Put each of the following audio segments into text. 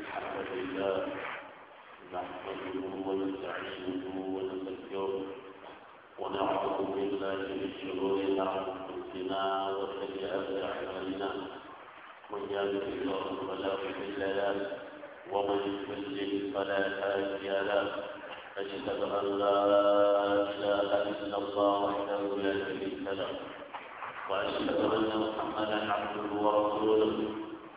الحمد لله نحمده ونستعينه ونذكره ونعوذ بالله من شرور انفسنا وسيئات اعمالنا من يهده الله فلا مضل له ومن يضلل فلا هادي له أشهد أن لا إله إلا الله وحده لا شريك له وأشهد أن محمدا عبده ورسوله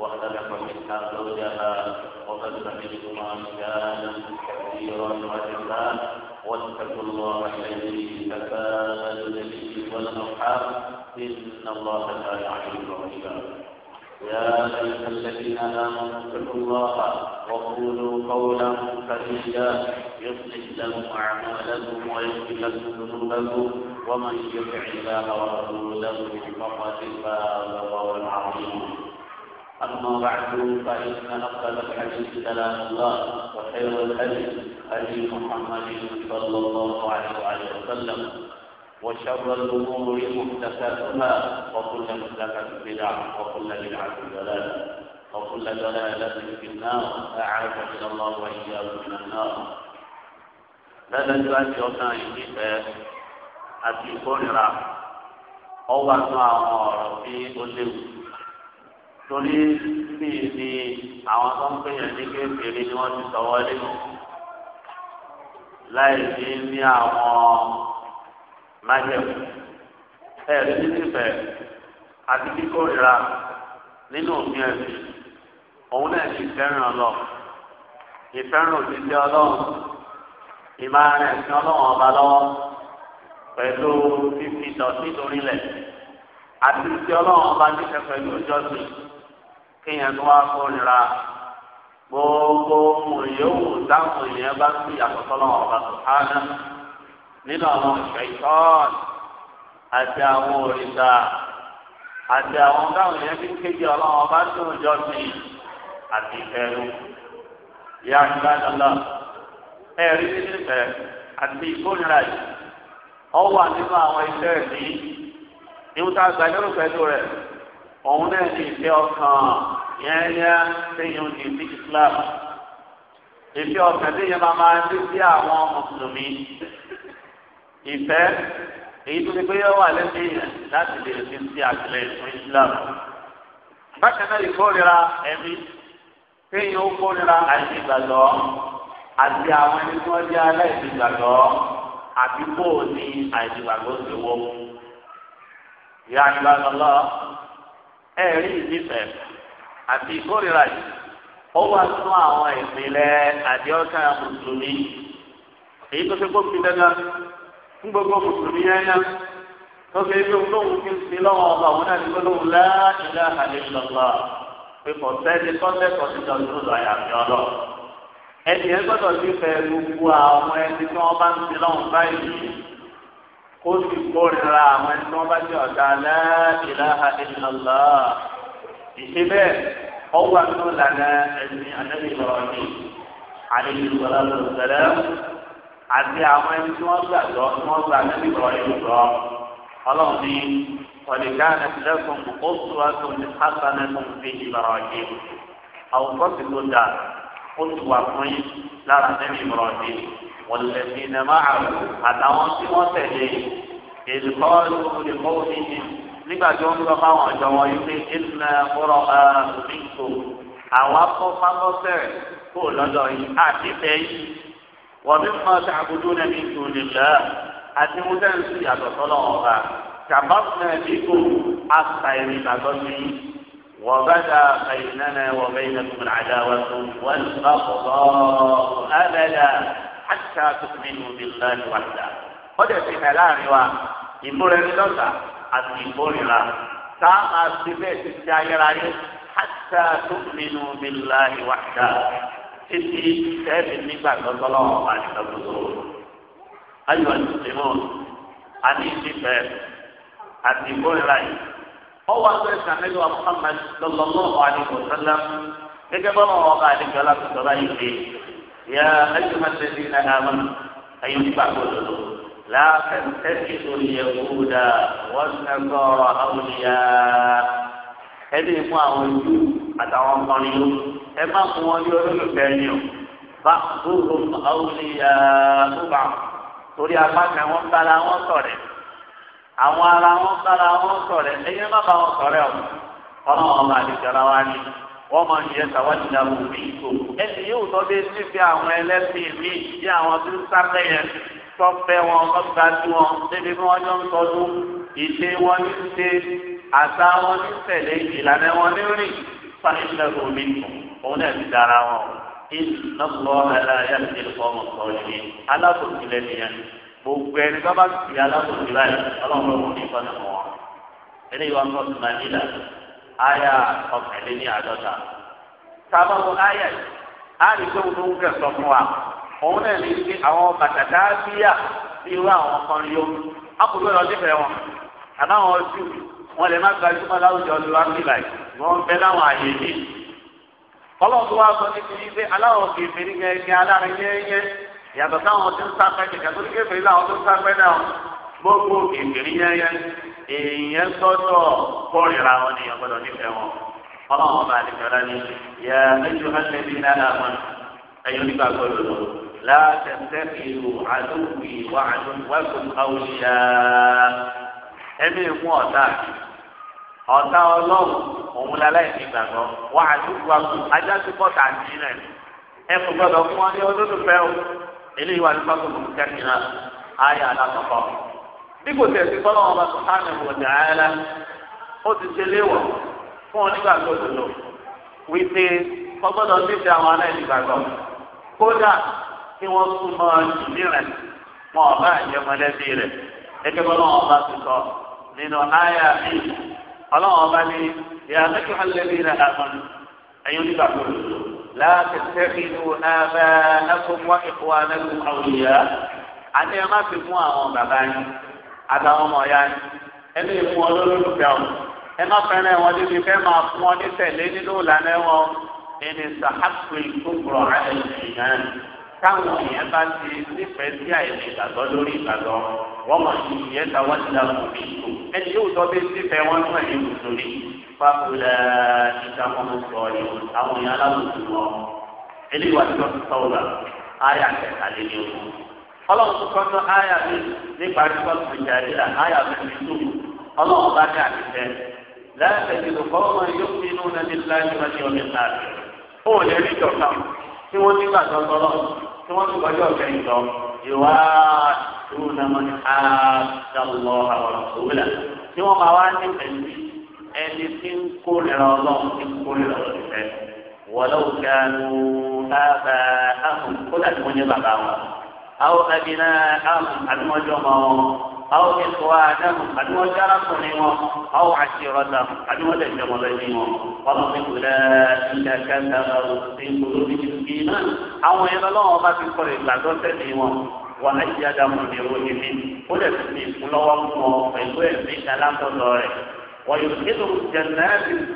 وخلق منها زوجها وبث منهما رجالا كثيرا ونساء واتقوا الله الذي تساءلون به والارحام ان الله كان عليم رقيبا يا ايها الذين امنوا اتقوا الله وقولوا قولا سديدا يصلح لهم اعمالكم ويغفر لكم ذنوبكم ومن يطع الله ورسوله فقد فاز فوزا عظيما أما بعد فإن أفضل الحديث كلام الله وخير الهدي هدي محمد صلى الله عليه وعلى وسلم وشر الأمور محدثاتها وكل محدثة بدعة وكل بدعة ضلالة وكل ضلالة في النار أعاذنا الله وإياكم من النار لازم أن يكون عندي أتي كونرا أو أنواع أو ربي أجلس torí bí ni àwọn tó ń pèyàn ní kékeré ni wọ́n ti sọ̀wọ́ lé láì ní ní àwọn májẹ̀mú ẹ̀rí nífẹ̀ẹ́ àti kíkórira nínú òfin ẹ̀sìn òun náà ti fẹ́ràn ọlọ́ ìfẹ́ràn òṣìṣẹ́ ọlọ́run ìmáàrin ẹ̀sìn ọlọ́run ọba lọ́wọ́ pẹ̀lú fífi ìdọ̀tí lórílẹ̀ àti ìṣẹ́ ọlọ́run ọba nífẹ̀ẹ́ pẹ̀lú ìjọsìn. kéèyàn tó wá nira, gbogbo mòyówù táwọn èèyàn bá nínú àwọn àti àwọn òrìṣà àti àwọn fi kéde tó jọ sí àti ìfẹ́rù àti yìí ọ wà nínú àwọn iṣẹ́ a gbàdúrà rẹ̀ òun náà ní ìfẹ́ yẹn yá sẹ́yìn òdì sí Islam ìfẹ́ ọ̀sẹ̀ tí yẹn máa máa ń sí àwọn mùsùlùmí ìfẹ́ èyí tó ti pé yẹn wà lẹ́sẹ̀ yẹn láti lè fi sí àtìlẹ́yìn fún Islam bákan náà ìkórira ẹ̀mí sẹ́yìn ó kórira àìsí ìgbàgbọ́ àti àwọn ẹni tí wọ́n jẹ́ aláìsí ìgbàgbọ́ àti bóò ní àìsí ìgbàgbọ́ ti wọ́ ìyá ìgbàgbọ́ lọ ẹ̀rí ìdífẹ̀ẹ́ àti ìkórìíra yìí ó wà nínú àwọn ìpìlẹ̀ àdìọ́kà mùsùlùmí èyí tó ṣe kó fi dandan fún gbogbo mùsùlùmí yẹn náà tó ṣe pé olóhùn fi ń sin lọ́wọ́ ọba àwọn náà ní gbólóhùn la ilaha illallah pé kò sẹ́ni kọ́ńtẹ́kọ̀ọ́ ti dọ̀tún lọ àyàfi ọlọ́ ẹni yẹn gbọ́dọ̀ nífẹ̀ẹ́ gbogbo àwọn ẹni tí wọ́n bá ń sin lọ́wọ́ báyìí kó sì kórìíra àwọn ẹni tí wọ́n bá ti ọ̀dà la ilaha ìṣe bẹ́ẹ̀ ọwọ́ àti ọ̀làna ẹni ànábì lọ́wọ́ ní àdéhùnsọ̀lá lọ́sẹ̀lẹ̀ àti àwọn ẹni tí wọ́n gbàgbọ́ tí wọ́n gbà ànábì lọ́wọ́ ní lọ́ ọlọ́run ní ọ̀lẹ́gá ẹ̀fúnlẹ́kùn oṣù àtúntì hasanẹ́kùn fi ìlọrọ̀ yìí àwùjọ ti tó dà ó wà fún yín lára ànábì lọ́wọ́ ní wọ̀lẹ́sìn nàmáà àtàwọn tí wọ́n tẹ̀lé ìdíkọ́ ìdíkọ́ ìdíkọ́ nígbà tí wọ́n sọ fáwọn ọ̀jọ̀ wọn yìí pé ìnà ọ̀rọ̀ àbíkò àwọn afọ́fáfọ́fẹ́ kò lọ́dọ̀ yìí àti fẹ́ yìí wọ́n mi mọ sàbùdó náà ní ìdúnilẹ̀ àti mo fẹ́ẹ́ sí ìyàtọ̀ sọ́lọ́ ọ̀gá kàbáfẹ́ bíkò àṣà ìrìnàjò mi وبدا بيننا وبينكم العداوة والبغضاء أبدا حتى تؤمنوا بالله وحده. هذا في ملامي وإن مرة àti ìkórìíra tá a máa ṣe bẹ́ẹ̀ ti ti ayérayé hàtà tó nínú mi láàyè wá dá títí sẹ́ẹ̀lì nígbà lọ́tọ́lọ́ àdìgbàgbọ́sọ. ayọ̀ ìsìnkú àti ìsìnkú àti ìkórìíra yìí ọwọ́ àgbẹ̀ sàmẹ́lú Muhammad sallallahu alaihi gẹ́gẹ́ bọ́lá ọba àdìgbàlá tó sọ báyìí pé yà á ẹ̀jẹ̀ máa ṣe sí ilẹ̀ àmọ́ ẹ̀yìn gbọ́dọ̀ lọ́wọ́. لا تتخذوا اليهود والنصارى أولياء ẹni mú àwọn ojú àtàwọn ọkùnrin ló ẹ má mú wọn ní olólùfẹ́ ni o bá gbogbo àwùjọ àbúgbà torí apá kan wọn bára wọn ṣọ̀rẹ́ àwọn ara wọn bára wọn ṣọ̀rẹ́ ẹyẹ má bá wọn ṣọ̀rẹ́ o ọmọ ọmọ àdìjọra wa ni wọn máa ń yẹ sàwádìí làwọn òbí ìkó ẹni yóò tọ́ bí sífẹ́ àwọn ẹlẹ́sìn mi bí àwọn tó ń sáfẹ́ yẹn tọ́fẹ́ wọn ọgbà tí wọn débi bí wọ́n jọ ń tọ́jú ìṣe wọn ní ṣe àṣà wọn ní tẹ̀lé ìlànà wọn ní rìn fáìlẹ̀ omi òun náà ti dára wọn ìlọ́gbọ́ aláya ti lè fọmọ sọ̀rọ̀ yìí alábòsí lẹ́nu yẹn gbogbo ẹni bá bá ti alábòsí láyé ọlọ́run ló ní ìfọ́nà wọn eléyìí wọn kọ́ sùnà nílà áyà ọ̀kẹ́lẹ́ ní àádọ́ta tábàbọ̀ áyà yìí á rí pé òun ló ń kẹsàn fún wa. òun náà lè ṣe àwọn bàtàtà bíyà bí irú àwọn ọkùnrin yòó akùnrin lọ nífẹ̀ẹ́ wọn àbáwọn ojú wọn lè má gbajúmọ̀ láwùjọ ló wá bí wọn bẹ láwọn àyè yìí kọlọ́n tó wá sọ níbi yìí pé aláwọ̀ kèfèrí gẹ́gẹ́ alárin yẹ́yẹ́ yàtọ̀ sáwọn tó ń sáfẹ́ kẹ̀kẹ́ tó ní kèfèrí láwọn tó ń sáfẹ́ náà gbogbo èèyàn wọn ni wọn bá yà náà لا تتخذوا عدوي وعدوكم أولياء ẹbí mú ọ̀tá ọ̀tá ọlọ́run òun lálẹ́ ìgbàgbọ́ wà á tún wá kú ajá sí bọ́tà ní rẹ̀ ẹ kò gbọ́dọ̀ fún wọn ní olólùfẹ́ o eléyìí wà ní pákòkò kẹ́kìnà ayé alákọ̀ọ́kọ́ bí kò tẹ̀sí bọ́lá wọn bá tó ká ní ìwọ̀dà ayára ó ti ṣe léwọ̀ fún onígbàgbọ́ òdodo wípé kọ́gbọ́dọ̀ níbi àwọn aláìnígbàgbọ́ kódà kí wọ́n sún mọ́ ìdí rẹ̀ wọn ọba àjẹmọlẹ́bí rẹ̀ gẹ́gẹ́ bọ́lá wọn bá ti sọ nínú àyà mi ọlọ́wọ́n bá ní ìyá mẹ́kì hàlẹ́bí rẹ̀ àmọ́ni ẹ̀yin nígbà tó lò láti tẹ́kínú abẹ́ ẹ̀kúnwá ìkúwá mẹ́kù àwùyá àti ẹ̀ má fi fún àwọn bàbá yín àtàwọn ọmọ ya yín ẹ lè fún ọ lólùfẹ́ ọ ẹ má fẹ́ràn wọn táwọn èèyàn bá ti nífẹ̀ẹ́ sí àìsàn ìgbàgbọ́ lórí ìgbàgbọ́ wọ́n mọ̀ sí ìyẹn táwọn ti dà kù bí kù ẹni yóò tọ́ bí sífẹ̀ẹ́ wọn tún ẹ̀yìn mùsùlùmí fáfúlẹ̀ ìtàkùn sọ ìwò àwọn èèyàn aláwùjọ wọn eléyìí wà tó ti sọ̀rọ̀ la ayà kẹta lé ní ogun ọlọ́run tó kọ́ tó ayà mi nípa ìfọ́ tó jà rí la ayà mi ti tó ọlọ́run bá dà mí tí wọ́n ti wájú ọ̀gbẹ́ ìjọ ìwà ìwúnamọ́ ní àdàlọ́ àwọn òwúlà tí wọ́n máa wá ní pẹ̀lú ẹni tí ń kó lẹ́rọ ọlọ́run tí ń kó lẹ́rọ ọ̀sẹ̀ wọ́lọ́wọ́ kánú bàbá àmú kó dàbí wọ́n jẹ́ bàbá wọn. àwọn àbínà àmú àbí wọ́n jọ mọ́ àwọn ètò àdáhùn àti wọn jára kù ní wọn àwọn àti ìrọ̀lá àti wọn lẹ́sẹ̀ wọn lẹ́yìn wọn wọn lọ sí ìpìlẹ̀ ilẹ̀ kẹta ọ̀rọ̀ sí ìgbòho ní ìdíkì náà àwọn ẹ̀rọ lọ́wọ́ bá ti kọ̀ ìgbàgbọ́ sẹ́ni wọn wọn á ti adamu ní oyin mi ó lè fi mi lọ́wọ́ fún ọ pẹ̀lú ẹ̀mí alákọ̀ọ́lọ́ rẹ̀ wọ́n yóò kéde jẹ̀nà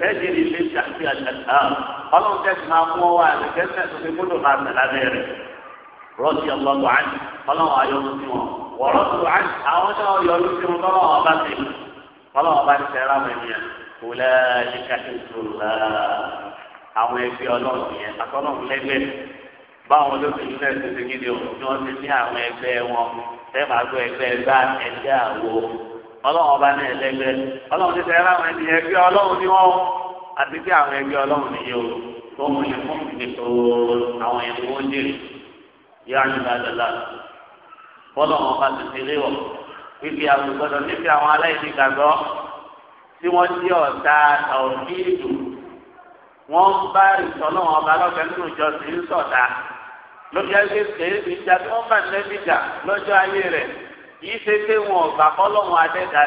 ẹ̀jẹ̀rì lè ṣàfi àjàdá ọlọ́run tẹ̀sí máa mú ọ wá àlùkẹ́sẹ̀ tó fi kótó máa tẹ̀lá bẹ́ẹ̀ rẹ̀ rọ́ọ̀tì ọlọ́run àti ọlọ́run ayọ́mú wọn wọ̀rọ̀ tó wà ní àwọn náà yọrí sí wọn lọ́wọ́ ọba sí i fọlọ́ ọba ti tẹ̀ra wọn ni kò lẹ́ ní káṣíṣù lára àwọn ẹgbẹ́ ọlọ́run yẹn àtọ́lọ́run lẹ́gbẹ́ báwọn olóṣèlú náà ti ṣe kí ni o ni wọ́n ti ní àwọn ẹgbẹ́ wọn fẹ́ẹ́ máa gbọ́ ẹgbẹ́ gbá ẹgbẹ́ àwo ọlọ́run ọba náà lẹ́gbẹ́ ọlọ́run ti tẹ̀ra wọn ni ẹgbẹ́ ọlọ́run ni wọ́n àti bí àwọn ẹgbẹ́ ọlọ́run ni yóò tó mú ẹ̀fọ́ ìdìbò àwọn ẹ̀fọ́ ń dèrè yá ní bàdàlà fọlọ́ wọn bá ti tẹ̀lé wọ̀ fífi àgùgbọ́dọ̀ nífi àwọn aláìní gbàgbọ́ tí wọ́n ti wọ́n bá ìsọ̀nà ọba lọ́fẹ̀ẹ́ nínú ń ayé tí wọ́n bá nẹ́bí jà lọ́jọ́ ayé yìí ṣe pé wọn ni gbà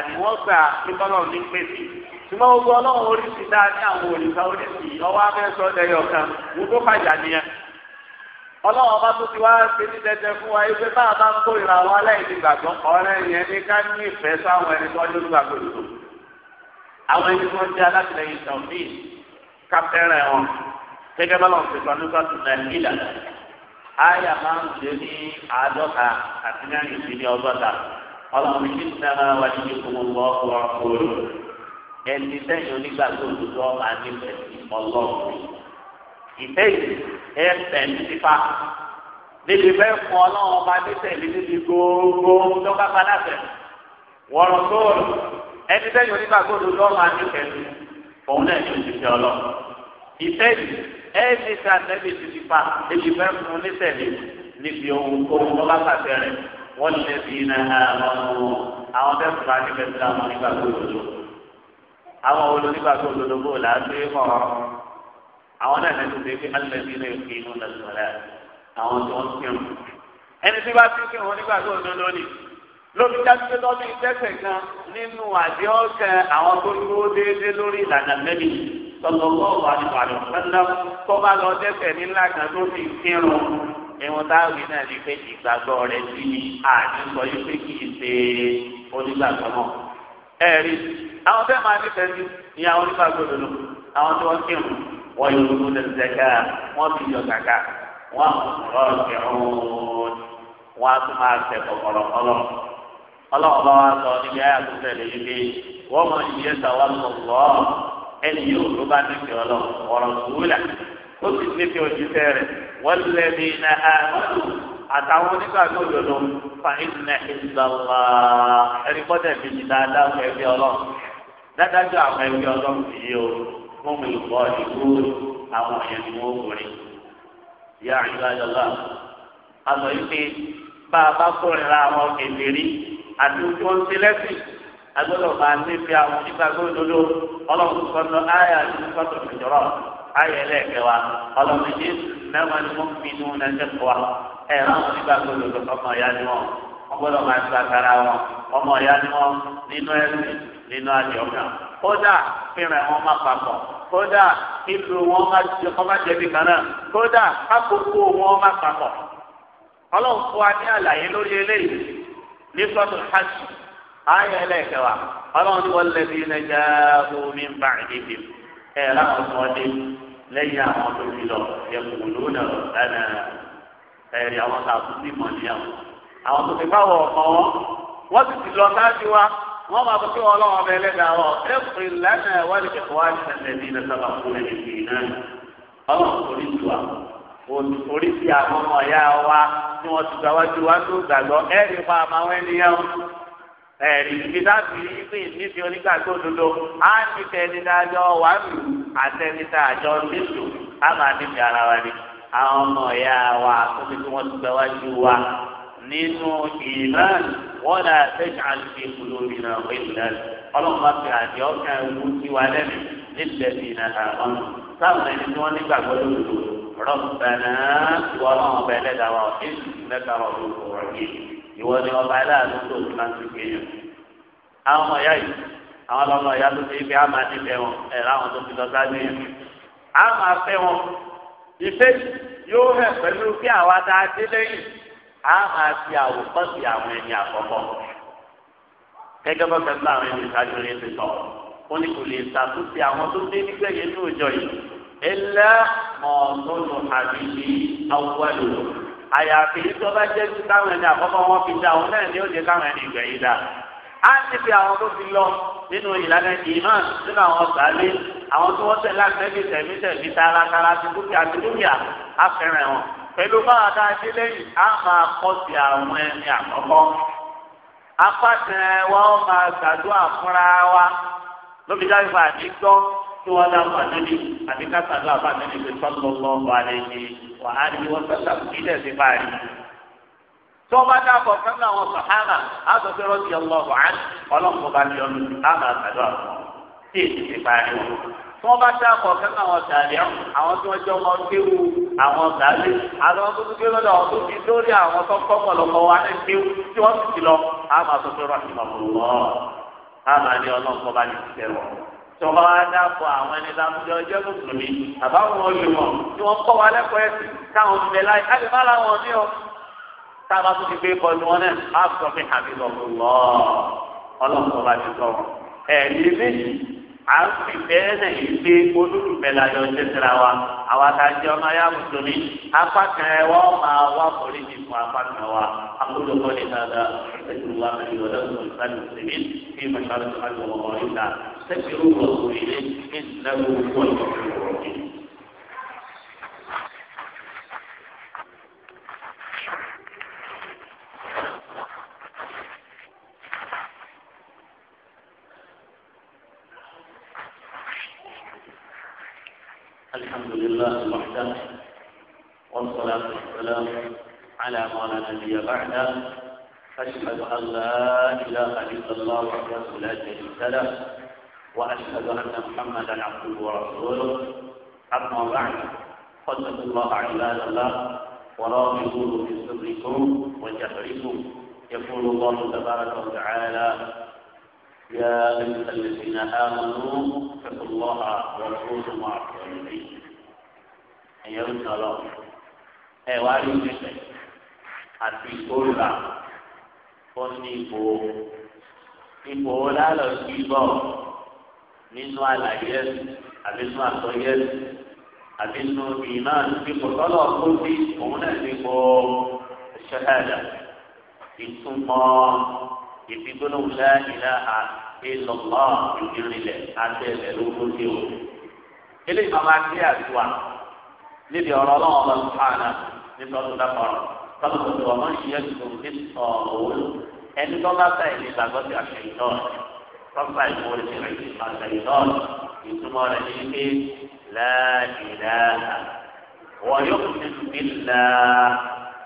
ní pèsè ṣùgbọ́n ọlọ́run oríṣi àwọn òrìṣà oríṣi ọwọ́ kan fàjà nìyẹn. ọlọ́run ọba tó ti wá ṣe ní dẹdẹ fún wa ẹgbẹ́ bá a bá ń kórìíra wa aláìní gbàgbọ́ ọ̀rẹ́ yẹn ní ká ní ìfẹ́ sáwọn ẹni tó ọdún gbàgbọ́ ìlú àwọn ẹni tó ń jẹ́ alátìlẹyìn sọ̀fì kápẹ́rẹ́ wọn gẹ́gẹ́ bá lọ́n ṣe sọ ní nàìjíríà àyà máa ń ṣe ní àádọ́ta àti mẹ́rin sí ní ọgọ́ta ọlọ́run ní sinimá wa ẹni sẹ́yìn onígbàgbọ́ òdòdó ọ̀ma nífẹ̀ẹ́ ọlọ́run ìfẹ́ yìí ẹ tẹ̀lé nípa níbi bẹ́ẹ̀ fún ọlọ́run ọba ní tẹ̀lé níbi gbogbo lọ́ba balàfẹ́ wọ́rọ̀ tóòrò ẹni bẹ́ẹ̀ yóò nígbà gbọ́dọ̀ lọ́rùn àníkẹ́lẹ́ òun náà ní òṣìṣẹ́ ọlọ́run ìfẹ́ yìí ẹ ní ká tẹ̀lé nípa níbi bẹ́ẹ̀ fún ní tẹ̀lé níbi ohun ohun lọ́ba pàṣẹ rẹ̀ wọ́n lè fi iná àwọn tẹ̀sán bá níbẹ̀ sí àwọn onígbàgbọ́ òdodo àwọn olùdígbàgbọ́ àwọn náà lẹ́nu tó fi alẹ́bí lè fi inú lẹ́sọ̀rọ̀ àwọn tó ń kírun. ẹni tí bá ti kí wọn nígbà tó ń lọ ní lórí jáde lọ́dún ìtẹ́sẹ̀ kan nínú àdéhùnsẹ̀ àwọn tó dúró déédéé lórí ìlànà mẹ́rin tọ́lọ́wọ́ wà ní wàlúù pẹ́ńdà tó bá lọ dẹ́sẹ̀ nílá kan tó fi kírun ẹ̀wọ̀n táwọn náà ní pé ìgbàgbọ́ rẹ̀ sí ni àdínkọ́ yìí pé kì í ṣe onígbàgbọ́ náà. ẹ̀rí àwọn tẹ́ máa nífẹ̀ẹ́ sí ni àwọn onígbàgbọ́ lòlò àwọn tí wọ́n kírun wọ́n yóò tó lè zẹ́ká wọ́n ti yọ kàkà wọ́n rọ̀ kẹ̀hún wọ́n á tún máa tẹ̀ kọ̀kọ̀rọ̀ kọ́lọ̀ ọlọ́wọ́ bá wa sọ níbi ayé àtúntẹ̀ lè yí pé wọ́n mọ ìyẹn sàwọ́ lọ́wọ́ ẹni yóò ló bá nífẹ̀ẹ́ ọlọ́ ọ̀rọ̀ sùúlà ó sì nífẹ̀ẹ́ òjíṣẹ́ rẹ̀ wọ́n lé ní iná àtàwọn onígbàgbọ́ òdodo fa ìdùnnà ìdùnnà ẹni gbọ́dọ̀ fi jìnnà dáhùn ẹgbẹ́ ọlọ́run dádájọ́ fún mi lùkọ́ ìgbóòrò àwọn èèyàn ni wọ́n kórè. ìyá àjọ àjọlá àlọ́ yìí pé bá a bá kórìíra àwọn èdèrí àti ojú wọn ti lẹ́sìn agbọ́dọ̀ máa nífẹ̀ẹ́ àwọn onígbàgbọ́ òdodo ọlọ́run sọ́nà ayé àti sọ́tò ìjọrọ̀ ayé ẹlẹ́ẹ̀kẹwa ọlọ́run yìí mẹ́wàá ni wọ́n fi inú nàìjíríà ẹ̀rọ àwọn onígbàgbọ́ òdodo ọmọ ìyá ni kódà fìrìn wọn má papọ̀ kódà ìlú wọn má jẹbi kan náà kódà àkókò wọn má papọ̀ ọlọ́run fún wa ní àlàyé lórí eléyìí ní sọ́tún hajj ayé ẹlẹ́kẹ̀wá ọlọ́run ní wọ́n lẹ́bi iná já omi ń bá ìdíbi ẹ̀ láwọn ọmọdé lẹ́yìn àwọn tó fi lọ ẹ̀kún lónà lánà ẹ̀rí àwọn tààtú sí mọ̀ níyàwó àwọn tó fi báwọ̀ ọ̀kan wọn wọ́n sì ti lọ sáájú wa wọn máa fi wọn lọ́wọ́ bẹ ẹlẹ́dàá wọn ẹ̀fọ́ ìlànà ìwádìí kẹfọ́ wá ní sẹ́lẹ̀ ní ilẹ̀ sábà fún ẹ̀yìn ìgbìn náà ọlọ́run orí tu wa orí ti àwọn ọmọ ọ̀yá wa tí wọ́n ti gbà wájú wá tó gbàgbọ́ ẹ̀rí pa àmàwọn ènìyàn ẹ̀rí ibi táàbì ìpín níbi onígbàgbọ́ òdodo á ní tẹni dájọ́ wà lù àtẹnitá àjọ nílò á máa níbi ara wa ni àwọn ọmọ ọ̀yá wa tó fi kí wọ́n ti gbà wájú wa nínú ìmáàlì wọ́n là sẹ́yìn àti olómìnira wẹ́lẹ̀ ọlọ́run bá fi àdé ọkàn ewu sí wa lẹ́nu nílẹ̀ ní ìlànà àwọn táwọn ẹni tí wọ́n nígbàgbọ́ lòdò rọ̀bẹ̀nà ìwọ ọlọ́run ọba ẹlẹ́dàá wa ọ̀dẹ́ ìlẹ́ka ọ̀dọ́ ọ̀rọ̀yìn ìwọ ni ọba aláàánú tó ń láti gbé yẹn. àwọn ọmọ ìyá yìí àwọn ọlọ́mọ ìyá tó ti fi àmà nífẹ̀ẹ́ wọn ẹ̀ láwọn tó fi a máa fi àwòkọ́ sí àwọn ẹni àkọ́kọ́ gẹ́gẹ́ bá fẹ́ bá àwọn ẹni ìsájú rẹ̀ ti sọ ó ní kò lè ṣàtúnṣe àwọn tó dé nígbẹ̀yẹ ní òjọ yìí ẹlẹ́ mọ̀ọ́tòlù àbí ní awúwẹ́lò àyàfi tó bá jẹ́ sí káwọn ẹni àkọ́kọ́ wọn fi dá òun náà ní òde káwọn ẹni ìgbẹ̀yìn dá a ti fi àwọn tó fi lọ nínú ìlànà ìmán nínú àwọn sàlẹ̀ àwọn tí wọ́n tẹ̀lé àtẹ́bí tẹ̀mí tẹ̀mí tààràtàrà àti dúkìá àti dúkìá á fẹ́ràn wọn pẹ̀lú bá a dáa dé lẹ́yìn a máa kọ́ sí àwọn ẹni àkọ́kọ́ apáṣẹ wa ó máa gbàdúrà fúnra wa lóbi dáhùn fún àti gbọ́ kí wọ́n dá fún àtẹ́lẹ́ àti ká gbàdúrà fún àtẹ́lẹ́ pé sọ́kùnrin wà lẹ́yìn wà á ní wọ́n sọ́kà kí lè fi báyìí. tó bá dá kọ̀ fún àwọn sàhánà á sọ pé rọ́ọ̀tì ọlọ́wọ́ á ọlọ́kùnrin bá ní ọdún á máa gbàdúrà fún ọ tí èsì fi bá dá kọ̀ tí wọ́n jọ ọmọ kéwù àwọn gàdé àwọn tó dúpẹ́ lọ́dọ̀ àwọn tó fi lórí àwọn tó kọ́ pọ̀lọpọ̀ wa ní kíw tí wọ́n ti lọ àmà tó fi rọ̀ṣì mọ̀lúwọ́ àmà ni ọlọ́pọ̀ bá ní tìṣẹ́ wọ̀. tọ́ba wa dáàbò àwọn ẹni lámúdé ọjọ́ mùsùlùmí àbáwọn olùmọ̀ tí wọ́n kọ́ wa lẹ́kọ̀ọ́ ẹ̀sìn káwọn ti bẹ̀láyé á lè má láwọn ní ọ. tába tó ti gbé bọ́ọ̀lù wọn náà á sọ fún à ń fi bẹ́ẹ̀ náà yìí pé olólùfẹ́ la yọ ọjọ́ síra wa àwa ta jẹ́ ọmọ ayá mùsùlùmí apá kan ẹ wọ́n máa wá forí ti fún apá kan wa akólo kọ́ ní dada ẹ̀sìn wa mi yọ ọ̀dọ́ ìsọ̀rọ̀ ìsọ̀rọ̀ ìsọ̀rọ̀ kí mọ̀ṣálùmí wà lọ́wọ́ ọ̀rọ̀ ìta sẹ́kì الحمد لله وحده والصلاة والسلام على ما لا نبي بعده أشهد أن لا إله إلا الله وحده لا شريك له وأشهد أن محمدا عبده ورسوله أما بعد فاتقوا الله عباد الله وراقبوه في سركم وجهركم يقول الله تبارك وتعالى يا أيها الذين آمنوا اتقوا الله وكونوا مع الصالحين أيها الله ẹ wá rí ìṣẹ̀lẹ̀ àti ìkórìíra ó ní ipò ipò lálọ́ sí bọ́ nínú àlàyé ẹ̀sìn àbí nínú àtọ́yé ẹ̀sìn àbí nínú ìmáà ipò tọ́lọ̀ kó sí òun náà ní ipò ṣẹ́hẹ́dà ìtumọ̀ ìfi gbólóhùn la ilaha illallah ìdírinlẹ̀ àtẹ̀lẹ̀ lókòókè o. eléyìí máa máa kí àdúrà níbi ọ̀rọ̀ ọlọ́run ọba sùpáànà nítorí dákọ̀rọ̀ tọ́lọ̀ tó wọ́n mọ̀ ìyẹn tó ní ọ̀wọ́ ẹni tó bá bá ìlú ìgbàgbọ́ sí àṣeyọ̀n tọ́gbà ìmúlẹ̀ sí rẹ̀ àṣeyọ̀n ìtumọ̀ rẹ̀ ní pé la wọ́n yóò fi bí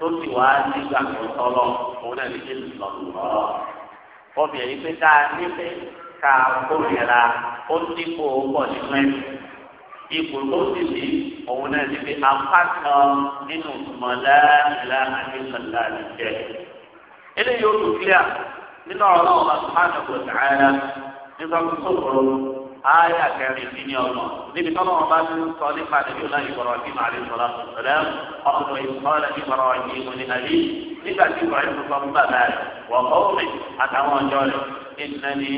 tó ti wá nígbà tó tọ́lọ̀ òun náà ní kí n obìnrin pé ká nílé ká kórìíra ó dípò pọ̀ nínú ẹ̀ ipò tó sì ní òun náà ti fi apá kan nínú ìmọ̀lá ìlà àdéhùnlá àdìjẹ. eléyìí ó dùn kílíà nínú ọ̀rọ̀ náà wà sùpáàdà kò sàárà nígbà tó sọ̀rọ̀ ayé àkẹrin sí ní ọ̀nà níbi tọ́lọ́ wọn bá ti sọ nípa àdébíọ́lá ìbọ̀rọ̀ sí màálí sọ̀rọ̀ ọ̀dọ́ ọ̀dọ́ ìsọ̀rọ̀ ìbọ̀rọ̀ yìí mo ní àlè nígbà tí ìwà yìí fọ́ fún bàbá rẹ̀ wọ́n kọ́ omi àtàwọn ọjọ́ rẹ̀ ìnáni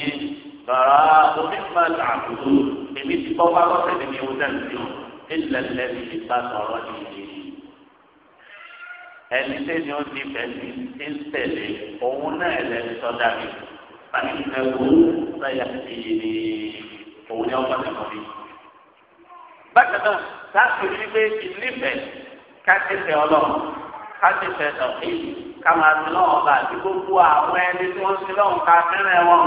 bàrà omi máa ń àbùkù èmi ti bọ́ wákọ́ sẹ́ni mi ò dẹ́nu sí o ìlẹ̀lẹ̀ mi ti bá sọ̀rọ̀ nìyí. ẹni tẹ́ni ó ti bẹ̀rẹ̀ ti tẹ̀lé òun náà lẹ́nu sọ́dá mi báyìí ń bẹ sáyà ti ni òun ni ọkọ̀ nìkan mi. bákan náà sáà tó ní pé ìlú ìfẹ́ ká Kasi fẹ́ tọ̀kí ká máa fi lọ́wọ́ bá àti gbogbo àwọn ẹni tí wọ́n fi lọ́wọ́ ká fẹ́rẹ̀ wọn.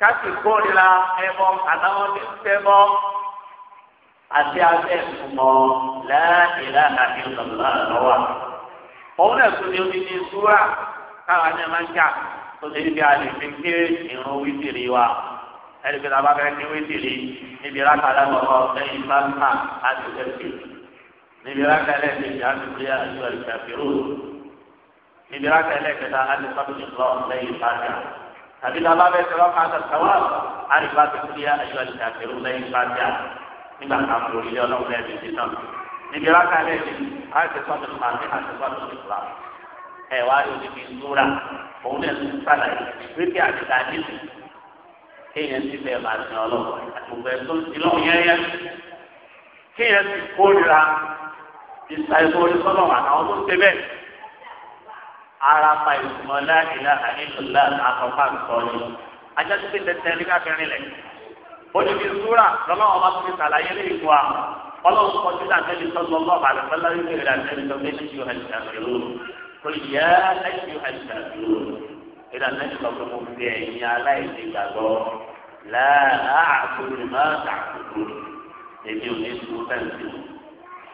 káṣí kórìíra ẹbọ àtàwọn tí ń fẹ́ bọ́ àti abẹ́ ìfúnmọ́ láìlá àti ìsọ̀lá lọ́wọ́. òun náà tún ní omi ní ìṣúra káwa ní máa ń jà tó ṣe níbi àlè fi ké ìrún wítìrì wa ẹni pé bá fẹ́ ké wítìrì níbi rákàlà lọ́wọ́ lẹ́yìn bá ń á ti tẹ̀sí níbi rákà ẹlẹ́kẹ̀ẹ́ta àdúgbò àjọ ìṣàfihàn níbi rákà ẹlẹ́kẹ̀ẹ́ta àdìsọ́bìnrin lọ lẹ́yìn ìbájà tàbí lọ́la bẹ́ẹ̀ tẹ̀lé ọkọ̀ àtàtàwà àdìbá àdúgbò àjọ ìṣàfihàn lẹ́yìn ìbájà nígbà kan kò rí ọlọ́run lẹ́ẹ̀mí sísan níbi rákà ẹlẹ́kẹ̀ẹ́ta àdìsọ́bìnrin pàṣẹ àdìsọ́bìnrin pàṣẹ ẹ̀wá yóò fi ìtura òun náà ti sàlàyé wípé àdìgbà àdìsí kéèyàn ti bẹ̀rẹ̀ máa sin ọlọ́run àtùgbẹ́ tó ti lọ́ọ̀ yẹ́yẹ́ kéèyàn ti ìta ìfowórí sọ́nà àtàwọn tó ń ṣe bẹ́ẹ̀. ara pa ìtumọ̀ láìlá àìlúlá àtọ̀fà sọ ni ajá tó ti tẹ̀tẹ̀ ní káfíńrin lẹ̀. olùbí súrà lọ́lọ́wọ́ bá tún fi sàlàyé lè fún wa ọlọ́run kọ sí àtẹ́lẹ̀ sọ́nà ọlọ́ọ̀bà àlùfẹ́lá yóò rẹ̀ àtẹ́lẹ̀ sọ́nà ẹ̀ṣin àṣàlù kòlìyà ẹ̀ṣin àṣàlù ìlànà ìlọ́gbọ̀n mo fi ẹ̀yin aláìsí gbàgbọ́ láàá àkùrù máa tàkùrù èmi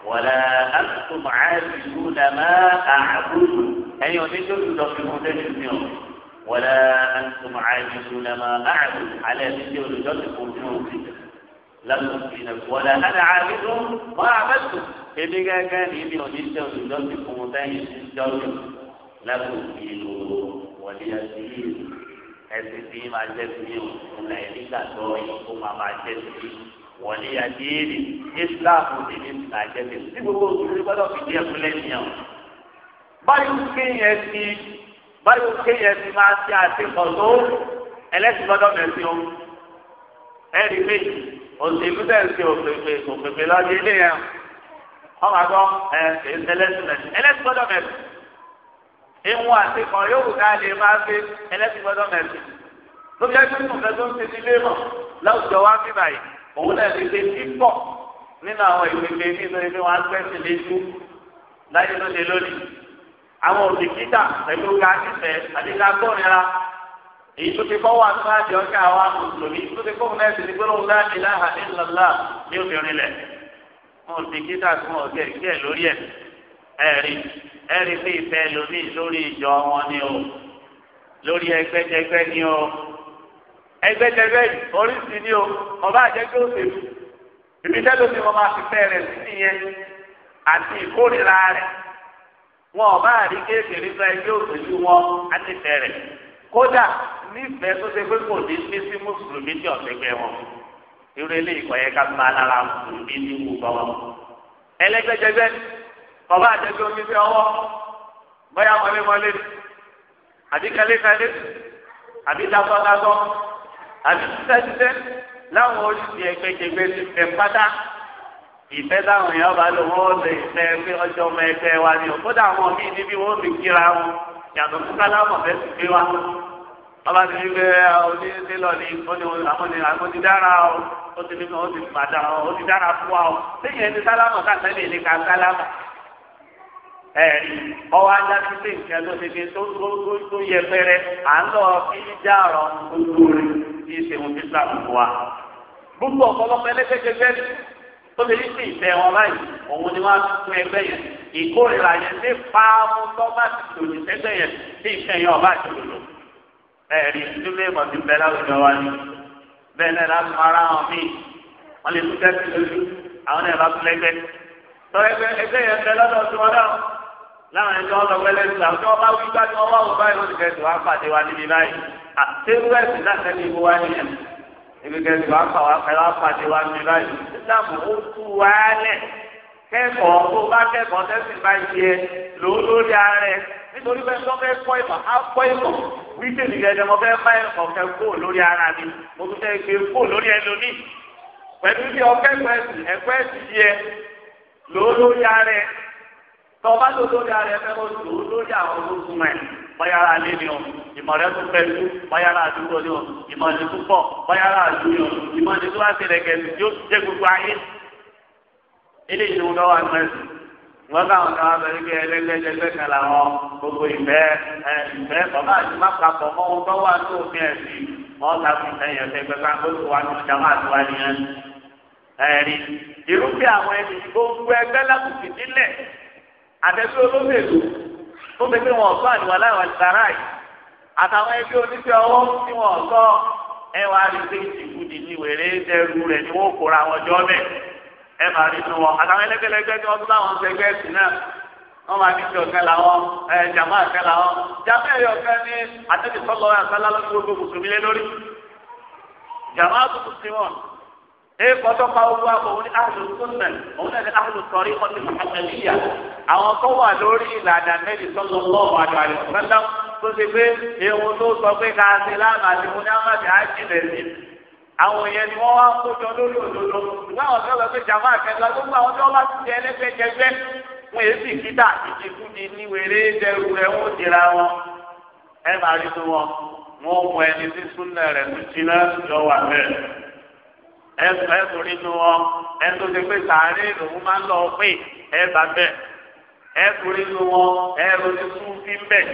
ولا أنتم عابدون ما أعبد أي يعني في يدخلون الجنة ولا أنتم عابدون ما أعبد على جدي وجدكم لكم دينكم ولا أنا عابد ما أعبدتم إذا كان إذا وجدت وجدكم لكم دينكم ولي دين ẹsìn tí máa jẹ sí مع òun náà ẹni gbàgbọ́ yìí kó wọlé àdéhìrì islam ní ní ìtàjẹsẹ tí gbogbo òṣèlú gbọ́dọ̀ fi díẹ̀ fúnlẹ nìyẹn báyìí kéèyàn ti báyìí kéèyàn ti máa ṣe àtìkọ tó ẹlẹ́sìn gbọ́dọ̀ mẹsìn o ẹrí pé òṣèlú bẹ́ẹ̀ ṣe òpèpè òpèpè lọdí ilé yẹn wọn máa gbọ́ ẹ ẹlẹ́sìn mẹsìn ẹlẹ́sìn gbọ́dọ̀ mẹsìn ìwọn àtìkọ yóò wù ká lè máa ṣe ẹlẹ́sìn gbọ́dọ̀ mẹsìn lóbi ẹgbẹ́ nǹkan tó ń ṣe nílé mọ láwùjọ wa fi báyìí òun náà ti ṣe pípọ̀ nínú àwọn ìpele nítorí pé wọ́n á gbẹ́sì léjú láyé lóde lónìí àwọn òdìkítà pẹ̀lú ká ìfẹ́ àdínlágbọ́nira èyí tó ti kọ́ wà tó láti ọjà wa mùsùlùmí tó ti kọ́ fún ẹ̀sìn ní gbọ́dọ̀ ńlá ìlàhà ìlàlá ní obìnrin lẹ̀ wọn ò ti kíta tí wọn ò tẹ̀ kí ẹ̀ lórí ẹ̀ ẹ̀rí ẹ̀rí pé ìfẹ́ lómi lórí ìjọ wọn ni o lórí ẹgbẹ́jẹgbẹ́ ni o ẹgbẹ́jẹgbẹ́ yìí oríṣi ni o ọba àjẹgbẹ́ òṣèlú ibi tẹ́lẹ̀ òṣèlú wọn máa fi fẹ́ rẹ̀ sí nìyẹn àti ìkórìíra rẹ̀ wọn ọba àríkèké nípa ẹgbẹ́ òṣèlú wọn àti fẹ́ rẹ̀ kódà nífẹ̀ẹ́ tó ṣe pé kò ní sí sí mùsùlùmí tí ọ̀sẹ̀gbẹ́ wọn irú eléyìí kọ̀ yẹ ká máa lára mùsùlùmí ní ìwúgbọ́ wọn ẹlẹ́gbẹ́jẹgbẹ́ ọba àjẹgbẹ́ omi fi ọwọ́ bóyá mọ̀lẹ́mọ̀lẹ́ àbí kẹlẹ́kẹlẹ́ àbí dáfọ́dáfọ́. àti sísẹ́sísẹ́ láwọn oríṣi ẹgbẹ́jẹgbẹ́ ti fẹ́ pátá ìfẹ́ táwọn èèyàn bá lò wọ́n lè fẹ́ pé ọjọ́ ọmọ ẹgbẹ́ wa ni òkúta àwọn ya níbi fi kíra wọn yàtọ̀ fún wa. ọba ti ah, ní pé oní nílò ní àwọn àkóti dára o ó ti ní kí wọ́n ti padà o ó ti dára fún wa o lẹ́yìn ẹni kálámọ̀ káàkiri ká ajá ti tí í ṣe ohun tí islam fún wa gbogbo ọ̀pọ̀lọpọ̀ ẹlẹ́gbẹ́gbẹ́ tó lè ní sí ìfẹ́ wọn báyìí òun ni wọ́n á fún ẹgbẹ́ yẹn ìkórìíra yẹn ní paamu lọ́ba ti tòlù ẹgbẹ́ yẹn ní ìfẹ́ yẹn ọba ti tòlù ẹ̀rí ìdílé ìmọ̀tí bẹ́ẹ̀ láwùjọ wa ni bẹ́ẹ̀ náà láti máa ra àwọn míì wọ́n lè tún tẹ́sí lójú àwọn náà láwọn ẹni wọn lọ wẹlẹ ní àwọn tí wọn bá wí gbá tí wọn wá wò báyìí wọn kẹsì wá pàdé wa níbi báyìí àtẹrù ẹsìn náà kẹsì ìbò wa nìyẹn ibi kẹsì wá pa wá pẹ wá pàdé wa níbi báyìí síláàmù ó tú wá lẹ kẹ́kọ̀ọ́ tó bá kẹ́kọ̀ọ́ tẹsí bá yẹ lò lórí ààrẹ nítorí pé tó fẹ́ kọ́ ìmọ̀ á kọ́ ìmọ̀ wí sí ìdílé ẹjọ́ mo fẹ́ bá ẹ̀kọ́ fẹ́ kó lórí ara mi mo tún fẹ́ gbé kó lórí ẹlòmíì pẹ̀lú bí ọkẹ́kọ̀ọ́ ẹ̀sìn ẹ̀kọ́ ẹ̀sìn yẹ lò lórí ààrẹ tọba tó lórí ara ẹfẹ kó tó lórí àwọn ológun ẹ báyára lé ni o ìmọ̀ rẹ tó fẹ́ tó báyára àdúgbò ni o ìmọ̀ ní púpọ̀ báyára àdúgbò ni o ìmọ̀ ní tó wá sílẹ̀ kẹ́sì yóò jẹ́ gbogbo ayé eléyìí ni wọn lọ́wọ́ àgbẹ̀ sí wọn káwọn kan wọn bẹ̀rẹ̀ bí ẹlẹ́gbẹ́jẹgbẹ́ kan làwọn gbogbo ìfẹ́ ẹ ìfẹ́ bàbá àti mákàpọ̀ mọ́ wọn bá wà ní òfin ẹ̀sìn wọn ta fún ẹ̀yẹ̀ fẹ́ gbẹ́gbẹ́ kó tó wà ní ọjà máa tó wà nìyẹn ẹ̀rí irúfẹ́ àwọn ẹni gbogbo ẹgbẹ́ lákùnkùn nílẹ̀ àtẹ̀bí olóṣèlú tó fi wọn sọ àdìwọ̀ láwọn àdìsára yìí àtàwọn ẹbí oníṣẹ́ ọwọ́ tí wọn sọ ẹ wá rí pé ìdìbòdì ní wèrè dẹrù rẹ̀ ni wọ́n kóra wọn jọ ẹ rí wọn àtàwọn tí wọ́n tún láwọn ṣẹgbẹ́ sí náà wọ́n máa ọ̀kẹ́ làwọn ẹ ee kọtọ kawo wa òun ni ahlu sunna òun náà ni ahlu tariqati muhammadiyya àwọn tó wà lórí ìlànà Ànábì sallallahu alaihi wasallam tó ti pé ewu tó sọ pé ká ṣe lánàá ti mú ní amáde ájì rẹ sí àwọn yẹn ni wọn wá ń kójọ lórí òdodo ṣùgbọ́n àwọn tó lọ sí jàmbá kẹta gbogbo àwọn tó bá ti jẹ ẹlẹ́gbẹ́jẹgbẹ́ wọn èyí sì kíta ìdìkúni níwèrè dẹrù rẹ wọn jìra wọn ẹ máa rí tó wọn wọn mú ẹni sí súnà rẹ tó ti náà lọ wà bẹ́ẹ̀ ẹ̀sùn ẹ̀sùn nínú wọn ẹ̀sùn tó ti pé sàárè lòun máa ń lọ pé ẹ̀ bá bẹ̀ ẹ̀sùn nínú wọn ẹ̀rù ti kú sí bẹ̀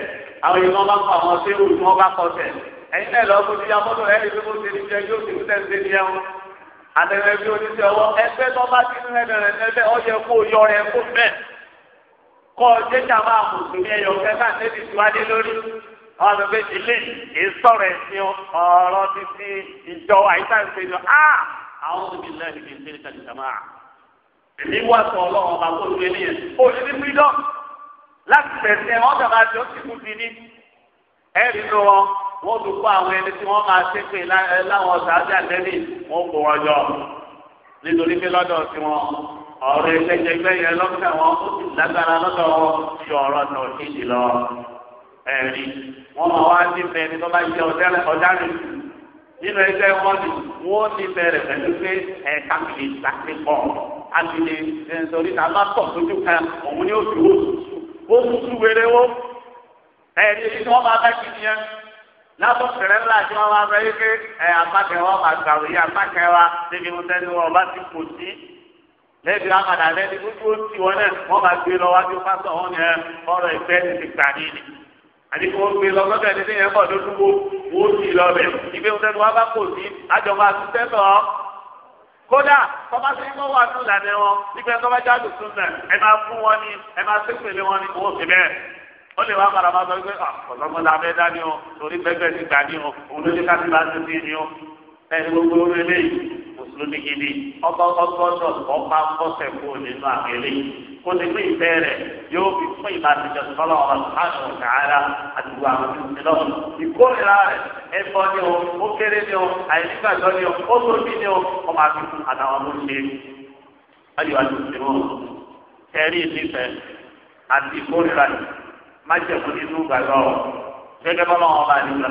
àwọn yìí wọ́n bá kọ àwọn tí òun wọn bá kọ tẹ̀ ẹ̀yin náà lọ́ọ́ bó ti ya mọ́tò ẹ̀rí tó ti di jẹ yóò ti kú tẹ̀ ṣe jẹun àtẹ̀rẹ̀ bí o ti ṣe ọwọ́ ẹgbẹ́ tó bá ti rẹ̀ rẹ̀ ẹgbẹ́ ọyẹ kó yọ rẹ̀ kó bẹ̀ kọ́ jẹ́jà máa mùsùlùmí ẹ̀yọ̀ kẹfà tẹ́lẹ̀ síwájú lórí ọdún méjì lè sọ̀rọ̀ ẹ̀sìn ọ̀rọ̀ títí ìjọ àìsàn ìpinnu áà àwọn tóbi lẹ́yìn ní ìṣẹ́lẹ̀ kan ìjàmá. èmi wá sọ ọlọ́run ọba tó lu eléyẹn ó ní mílíọ̀n láti tẹ̀sẹ̀ wọ́n dàgbà tí ó ti kú ti ní. ẹ̀rí ló wọn wọ́n tún kó àwọn ẹni tí wọ́n máa ṣe pé láwọn ọ̀sán àti àtẹ́lẹ̀ wọ́n kó wọn jọ nítorí pé lọ́dọ̀ sí wọn ọ̀rọ̀ ẹgbẹ́jẹgbẹ́ yẹn lọ́kàn wọn ó sì lágbára lọ́dọ̀ wọn ju ọ̀rọ̀ náà kéde lọ. ẹ̀rí wọ́n máa wá sí fẹ́ni tó bá jẹ́ ọ̀dáràn nínú ẹgbẹ́ wọn wọ́n ti bẹ̀rẹ̀ pẹ̀lú pé ẹ̀ka kìí sàkíní pọ̀ àtìlẹ̀ nítorí tá a tọ̀ sójú kan òun ni ó dúró ó tutù wéré wó ẹ̀ẹ́dì tí wọ́n máa bá kìíní yẹn látọ̀ fẹ̀rẹ̀ ńlá tí wọ́n máa bẹ yí pé ẹ̀ apákẹ́wà máa gbàrú yí apákẹ́wà débi mo tẹ́ni wọn bá ti kò sí lẹ́bi amàdà lẹ́ni gbogbo tí wọn náà wọ́n máa gbé lọ wájú pásọ̀ wọn yẹn ọ̀rọ̀ àti kí wọ́n gbé lọ sọ́dọ̀ ẹni tí yẹn bọ̀ ló dúró wò ó sì lọ bẹ̀ ìgbé wọn tẹnu wá bá kò sí àjọ máa tún tẹ́tọ̀ ọ́. kódà tọ́ba sí kó wà nù lànà wọn nígbà tọ́ba já lù sún nà ẹ máa fún wọn ni ẹ máa sépèlé wọn ni owó fi bẹ́ẹ̀. ó lè wá padà máa sọ pé ah, ọ̀sọ́gbọ́n la fẹ́ dá o torí gbẹgbẹ́ ti gbà ní o òun ló ní ká ti bá ti ní o ẹ gbogbo eléyìí lónìkìlì ọgbọ́n ọgbọ́dọ̀ ọba bọ́sẹ̀ kú nínú àgbélé kó lè pé ìfẹ́ rẹ̀ yóò fi fún ìbàdíjọ́ sọ́lọ́ ọ̀rọ̀ ọ̀tàrà àdúgbò àwọn ìṣẹ̀lẹ̀ lọ́wọ́ ìkórìíra rẹ̀ ẹ̀fọ́ ni o ó kéré ni o àìnígbàgbọ́ ni o ó tóbi ni o ọmọ àfikún àtàwọn ọmọ ṣe ayọ̀ àdúgbò ẹ̀rí ìfẹ́ àti ìkórìíra rẹ̀ má jẹ́ fún inú gbàgbọ́ gẹ́gẹ́ bọ́lá ọba àdìgbò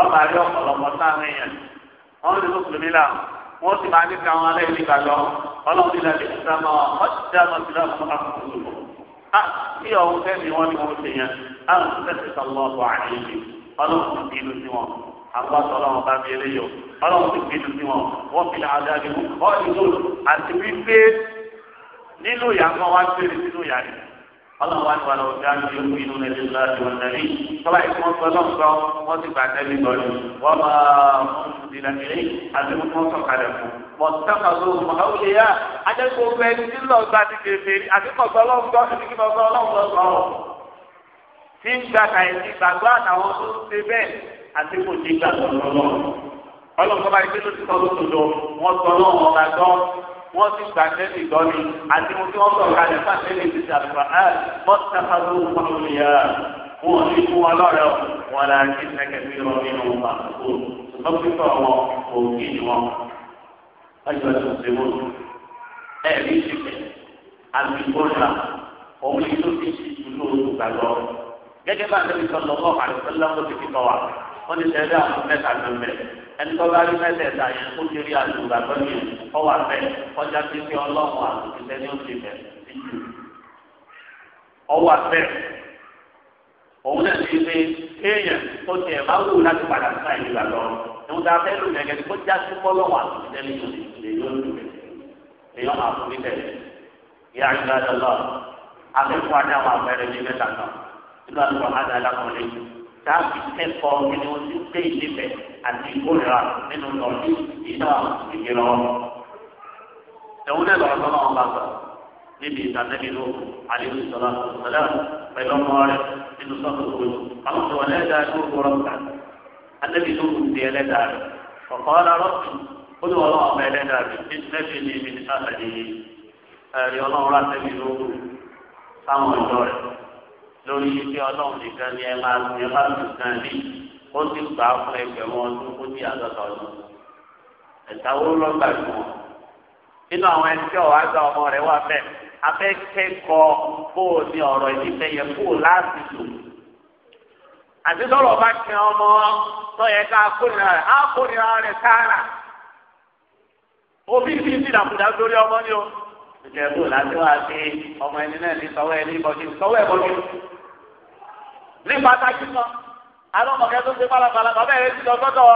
ọba àbí ọ̀pọ̀lọpọ̀ sáwọn èèyàn wọn ní mùsùlùmí là wọn sì máa ní káwọn alẹ́ ní ìgbàgbọ́ ọlọ́run ní ìlànà ìsàmọ́ ọ̀ṣìṣàmọ́ sí lọ́wọ́ àkùnkùn a kí ọ̀hún fẹ́mi wọn ni wọ́n ti yẹn a ń tẹ̀sí sọlọ́ọ̀bù àyèjì ọlọ́run ti bínú sí wọn àwọn sọlọ́wọ́n bá mi eléyìí o ọlọ́run ti bínú sí wọn wọ́n fi àdáyé wọn ìlú àti wípé nínú ìyá kan wá ń ọlọ́run wá ní wàlọ́ ọ̀gá ní ìlú inú ní ìlú láti wọn nàbí tọ́lá ìfún ọlọ́run sọ wọ́n ti gbà tẹ́lẹ̀ lọ́yọ̀ wọ́n máa ń dìlà nílé àti wọ́n sọ kalẹ̀ fún mọ̀ sábàlú mọ̀háwùlẹ̀ yá adẹ́kọ̀ọ́ bẹ́ẹ̀ ní lọ́gbà ti kèfèrí àdìkọ̀gbọ́ ọlọ́run gbọ́ ìdíkìmọ̀ ọlọ́run lọ́gbà tí ń gba kàyẹ̀sí gbàgbọ́ àtàwọn tó ń ṣe bẹ́ẹ̀ àti kò ti gbàgbọ́ lọ́wọ́ ọlọ́run bá yẹ kí ló ti kọ́ lóṣù lọ sọ lọ́wọ́ ọ̀gá gbọ́ wọ́n ti gbà nẹ́bí lọ́ni àti mo tí wọ́n sọ̀rọ̀ kalẹ̀ fún àtẹ́lẹ̀ ti sàfà á wọ́n ti sàfà ló ń pọn omi yá wọn ò ní fún wọn lọ́rọ̀ wọn là ń ti sẹ́kẹ̀ sí wọn nínú wọn àkókò ṣùgbọ́n pípọ̀ wọn kò kí ni wọn. ọjọ́ tó ṣe wọ́n ẹ̀ ní ṣìkẹ̀ àti ìkórìíra òun ni tó ti ṣe ìlú olùgbàgbọ́. gẹ́gẹ́ bá àtẹ́lẹ̀ sọ lọ́wọ́ àti sọ́lá ọwọ́ abẹ kọjá pípé ọlọ́run àtòkìtẹ́ ní oṣù bẹ̀ títù ọwọ́ abẹ òun náà ti ṣe kéèyàn tó tiẹ̀ máa wù láti padà sí àyè ìgbà lọ ìwọ ta fẹ́ lù gẹ́gẹ́ tó já sí ọlọ́run àtòkìtẹ́ ní oṣù bẹ̀ yóò lù bẹ̀ èyí ọmọ àtòkì tẹ̀lé ìyá ìgbà lọ́lọ́ akẹ́kọ̀ọ́ adáwọ̀ abẹ́rẹ́ ní mẹ́ta kan nínú àtúkọ̀ tàbí kẹ́kọ̀ọ́ nínú ojú pé ìdíbẹ̀ àti ìkórira nínú lọ́ọ̀dì ìdá ìgbéra ọ̀rọ̀ ẹ̀wọ̀n náà lọ́wọ́ sọ́nà ọba gbà níbi ìtànẹ́bí ló àdéhùn ìsọ̀lá ọ̀sẹ̀lá pẹ̀lú ọmọ rẹ̀ nínú sọ́nà òwe àwọn tó wọlé ẹ̀dá tó gbọ́rọ̀ gbà àdébí ló kù sí ẹlẹ́dà rẹ̀ ọ̀kọ́ ọ̀làrọ̀ ó ní ọlọ́wọ́ ọmọ ẹlẹ́dà rẹ̀ níbi ní ibi nípasẹ̀ ẹ̀rí ọlọ́run látẹ̀bí ló kù sáwọn ọjọ́ rẹ̀ lórí ibi ọlọ́run nìkan ni ẹ máa ẹ ní ó ti gbà fún ẹgbẹ̀rún ọdún ó ní àgàtà ọdún ẹ̀ta owó lọ́gbà ìgbọ̀n nínú àwọn ẹni tí ọ̀wá gba ọmọ rẹ̀ wà bẹ́ẹ̀ abẹ́ kẹ́kọ̀ọ́ bó o ní ọ̀rọ̀ ìdífẹ́ yẹ kó o láti lò. àti tọ́lọ̀ bá kẹ́ ọmọ tó yẹ ká kórìíra rẹ̀ á kórìíra rẹ̀ kára. òbí mi ti dàkúdà lórí ọmọ ni o. ìjẹ́ bó o láti wá sí ọmọ ẹni náà ní sọ́wọ́ ẹni bọ́jú sọ́wọ́ ẹ̀ bọ́jú. ní pàtàkì kan alọ́mọkẹ́ tó ṣe pálapàla bàbá ẹ̀ ti lọ sọ́dọ̀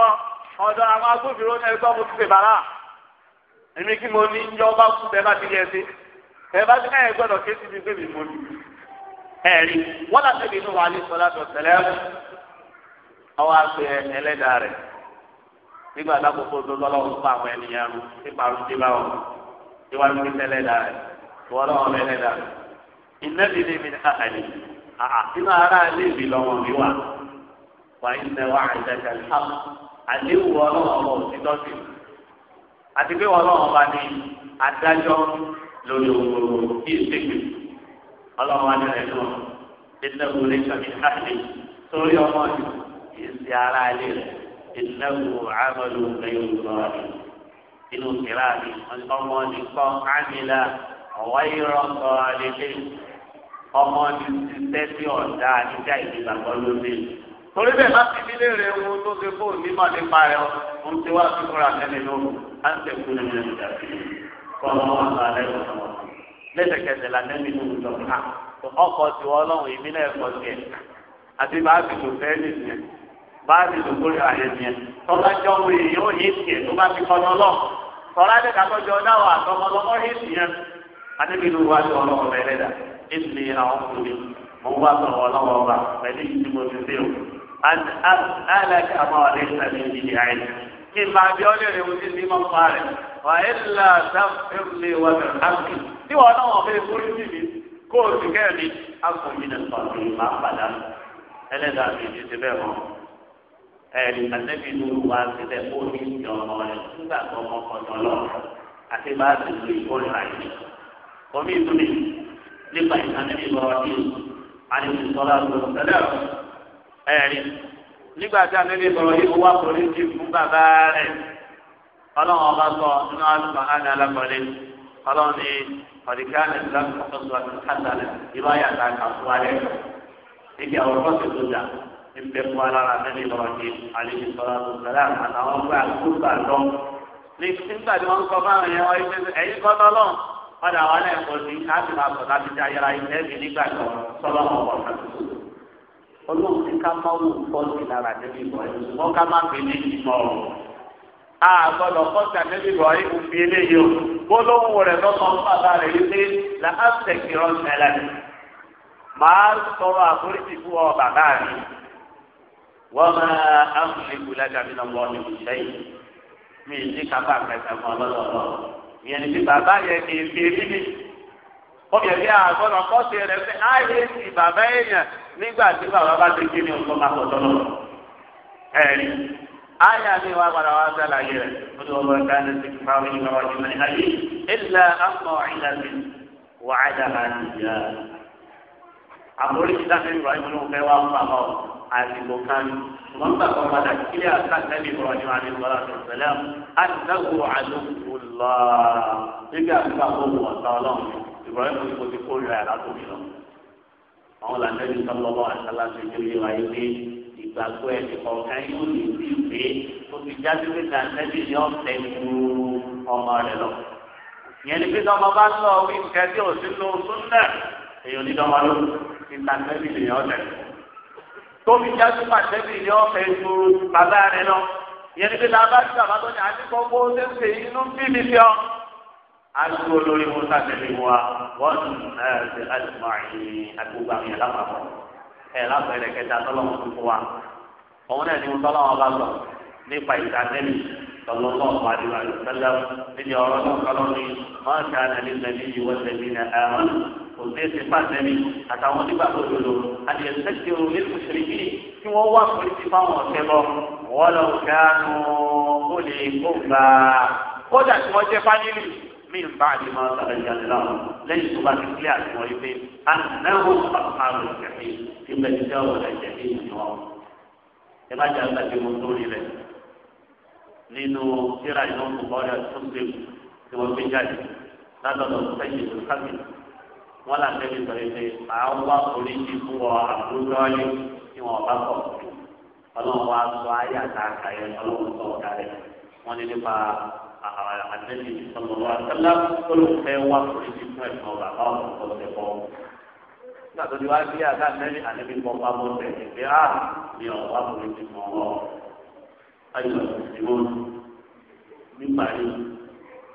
ọ̀dọ̀ àwọn agbófinró ní ẹgbẹ́ ọmọ tó ṣe bàrà. èmi kí mo ní njọ́ bá kú bẹ́ẹ̀ bá ti yẹ sí ẹ bá ti káyọ̀ gbọ́dọ̀ ké síbi pé mi mo ní. ẹ̀rí wọ́n láti ṣe inú wa ní sọlá tó tẹ̀lé ọwọ́ àgbẹ̀ ẹlẹ́dàá rẹ̀ nígbà lákòókò tó lọ́lọ́run fún àwọn ènìyàn rú nípa rúdé ẹlẹ́dàá rẹ̀ wọ́n lọ́wọ́ ẹlẹ́dàá rẹ̀ ìnẹ́bí àti pé wọn lọ́wọ́ bá ní adájọ́ lórí òwòrò kí ìsèkè ọlọ́wọ́ bá ní rẹ̀ lọ ìnáwó lè sọ̀rọ̀ káàdì sórí ọmọ ìsì ara ilé rẹ̀ ìnáwó àmọ́lò lẹ́yìn òwúrọ̀ rẹ̀ inú kìlá mi ọmọ nìkan ámìlá ọ̀wá ìrọ̀ sọ àlejò ọmọ ní sísẹ́ tí ọ̀dà àdíjà ìdìbàgbọ́ lóde torí bẹ́ẹ̀ bá ti nílé rẹ̀ wo tó ṣe fóun nímọ̀ nípa rẹ̀ ohun tí wàá fi kúrò àtẹ́lẹ̀ lóru á ń tẹ̀kú ní ẹ̀mí ìdàgbé kọ́ ọmọ wọn sọ alẹ́ wọn wọn. lẹ́sẹ̀kẹsẹ̀ la nẹ́ẹ̀mí ló ń lọ ká ọkọ̀ tí wọ́n lọ́hùn ìbí náà kọ́ sí ẹ̀ àti bá a fi lò fẹ́ nìyẹn bá a fi lò kórè àyè nìyẹn tọ́lá jọ wo èyí ó yé tiẹ̀ tó bá fi kọ́ ọ lọ tọ́lá ọkùnrin mo wá sọ̀rọ̀ ọlọ́wọ́ ọba pẹ̀lú ìdí mo ti dé o alaka àmọ́ rẹ̀ sàmì ìdílé àyè. kí n máa bí ọ́ lè rẹ̀ wọ́n ti ní mọ́ fún rẹ̀ wà á ilà sáfẹ́rẹ́ wà á àmì. tí wọ́n náà wọ́n fẹ́ kórè sí mi kó o sì kẹ́ mi á kò mí nà sọ̀rọ̀ mi máa padà ẹlẹ́dàá mi ti ti bẹ́ẹ̀ mọ́. ẹ̀rì àtẹ́bí inú wa ti tẹ̀ kó ní ìjọ rẹ̀ nígbà tó ọmọ kọjọ lọ àti bá a ti lu ìkórìíra yìí. kọ́mí ìtúni nípa ìtàn ẹ̀rí nígbà tí ànábì sọ̀rọ̀ yìí wá kórè ti fún bàbá rẹ̀ ọlọ́run ọba sọ nínú àlùkò àná alákọ̀ọ́lẹ̀ ọlọ́run ní ọ̀dìkà ní ìlànà ọ̀sọ̀tún àti kàtàlẹ̀ ìlú àyàtà kàfún alẹ́ ìdí àwọn ọ̀rọ̀ tó tó dà níbẹ̀ fún alára ànábì sọ̀rọ̀ yìí àlejò sọ̀rọ̀ àtúntàlẹ̀ àtàwọn ọgbà àkókò àlọ́ nígbà tí wọ́n sọ fáwọn yẹn wọ́n ẹ̀yìn kọ́ tọ́lọ́run padà wà lẹ́ẹ̀kọ́ sí láti máa sọ láti jẹ́ ayára ilẹ̀ mi nígbà tó sọ́lọ́ ọlọ́run ti ká máa wù fọ́ọ̀tì lára débi bọ̀ ẹ́ wọ́n ká má fi ní ìmọ̀ ọ̀rọ̀. a gbọ́dọ̀ fọ́ọ̀tì débi bọ̀ ẹ́ kò fi eléyìí o gbólóhùn rẹ̀ lọ́kàn bàbá rẹ̀ yìí pé la á tẹ̀kì rán mẹ́lẹ̀ ni. màá sọ̀rọ̀ àforíjì fún ọ bàbá mi. wọ́n máa amúlẹ̀kù lágàmì náà wọ́n ní ìṣe yìí mi ì obìnrin àgbọ̀nà kọ́sì rẹ̀ pé ayé ti bàbá èèyàn nígbà tí bàbá bá ti kí ni ọ̀tọ̀ máa pọ̀ tọ́lọ̀ ẹ̀rí ayé mi wá padà wá sálàyé rẹ̀ ó ní ọmọ ẹ̀ka ní ti fà wí ní ọjọ́ ní ayé ìlà àmọ̀ ìlà mi wà á dà máa ti jà. àbórí ti dáfẹ́ ìrọ̀ ìmú ló fẹ́ wá fún àmọ́ àdìgbò kan wọ́n gbà kọ́ padà kí lè ìrọ̀ àti ìrọ̀ àti náà wò àdókòó ìbúra ìlú kò ti kórìíra ẹ̀ látòmí lọ. àwọn làǹdẹ́bí sọlọ́wọ́ àṣálá ti ju yé wa yìí pé ìgbàgbọ́ ẹ̀ kọ̀ọ̀kan yóò lè fi pé tó ti jáde pé làǹdẹ́bí yọ ọ̀tẹ̀ ju ọmọ rẹ̀ lọ. ìyẹn ni pé tọmọ bá sọ wí nǹkan tí ò sínú súnlẹ̀ èèyàn ní dọ́mọ ló ti làǹdẹ́bí lè yọ ọ̀tẹ̀. tó fi jáde pàtẹ́bí yọ ọ̀tẹ̀ ju bàbá rẹ̀ lọ. ìyẹn ni pé làbá aṣọ olórí musa tẹ̀lé wa wọ́n ẹ̀ ṣe àdìmọ́ọ̀ì àgbègbè àwọn yàrá pàpọ̀ ẹ̀ lábẹ́rẹ́ kẹta tọ́lọ́mọ tó fún wa òun náà ni mo tọ́lọ́mọ bá sọ nípa ìtànẹ́lì sallallahu alaihi wa sallam níbi ọ̀rọ̀ náà kọ́lọ́ ni wọ́n ṣe àlàyé lẹ́bí ìwọ lẹ́bí ní ẹ̀rọ kò sí èsì pàṣẹmí àtàwọn onígbà tó dodo àti ẹ̀sẹ̀ tí o lè kí wọ́n wá pẹ̀lú ti fáwọn ọ̀sẹ̀ bọ̀ wọ́n lọ kánú ó lè kó kódà tí wọ́n jẹ́ fánílì mí n bá àti máa sọ̀rọ̀ ìjàdí náà lẹ́yìn tó bá ti kílẹ̀ àti wọ́n yìí pé anáwó àpárò ìjàdí ti bẹ̀rẹ̀ jẹ́ ọ̀rọ̀ ìjàdí ìjọ. ẹ má jẹ́ àgbàdo mo tó rí rẹ̀ nínú síra ìlú ọ̀rẹ́ tó ṣe tí wọ́n gbé jáde látọ̀dọ̀ sẹ́yìn tó kábì wọ́n là tẹ́lẹ̀ sọ̀rọ̀ pé màá wá oríṣi fún ọ àbúrò ọ̀yọ́ tí wọ́n bá kọ̀ ọlọ́run wá sọ ayé àtàkà yẹn ọlọ́run sọ ọ̀gá rẹ̀ wọ́n ní nípa àdébí sọlọ́wọ́ àtàlà olùfẹ́ wà lórí fífún ẹ̀fọ́ bàbá ọ̀pọ̀ ṣẹ̀fọ́. nígbà tó di wá sí àdáńtẹ́rì àdébí pọ́pá mọ́ tẹ̀lé pé á ní ọ̀wá lórí fífún ọ̀rọ̀ ayọ̀ ìdìbò nípa yìí